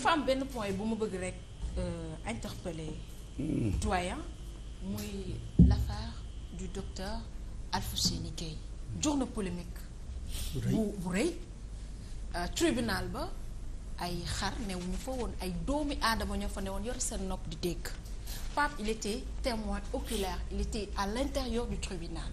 dafa benn point bu ma bëgg rek euh, interpeller hmm. doyen muy l'affaire du docteur Alfousseni Gueye jur na polémique bu bu rëy euh, tribunal ba ay xar newuñu fa woon ay doomi aadama ñoo fa newoon yore seen nopp di dégg Pape il témoin oculaire il à l'intérieur du tribunal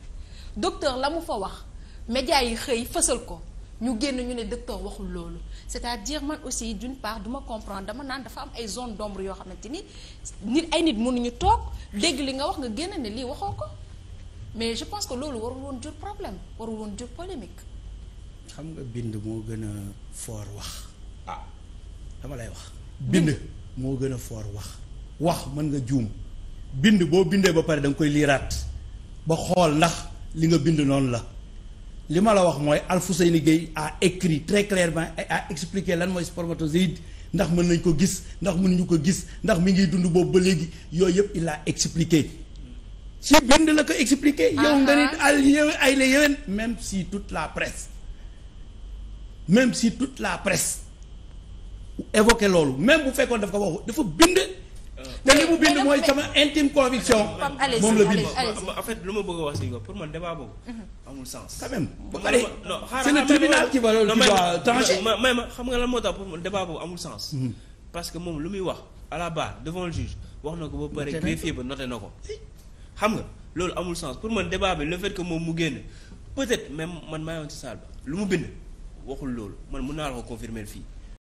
docteur la mu fa wax médias yi xëy fësal ko ñu génn ñu ne docteur waxul loolu c'est-à-dire man aussi d'une part duma comprendre dama naan dafa am ay zone d'ombre yoo xamante ni nit ay nit mënuñu toog dégg li nga wax nga génn ne lii waxoo ko mais je pense que loolu warul woon jur problème warul woon jur polémique. xam nga bind moo gën a foor wax ah dama lay wax. bind moo gën a foor wax. wax mën nga juum bind boo bindee ba pare da koy liiraat ba xool ndax li nga bind noonu la. li ma la wax mooy Alfousseyni liggéey a écrit très clairement et a expliqué lan mooy spermatozoïde ndax mën nañ ko gis ndax mënuñu ko gis ndax mi ngi dund boobu ba léegi yooyu yëpp il a si bind la ko expliqué yow nga nit al yow ay la même si tout la presse même si toute la presse évoqué loolu même bu fekkoon dafa ko waxu dafa bind te li mu bind mooy sama intime conviction. moom la bind en fait lu ma bëgg a wax si pour man débat boobu. Mhm. amul sens. quand même ba pare c'est le tribunal qui va qui va trancher. may xam nga lan moo tax pour man débat boobu amul sens. Mhm. parce que moom lu muy wax à la barre devant juge wax na ko ba pare greffier ba noté na ko. xam nga loolu amul sens pour man débat bi le fait que moom mu génn peut-être même man maa yoon ci ba lu mu bind waxul loolu man mun naa la ko confirmer fii.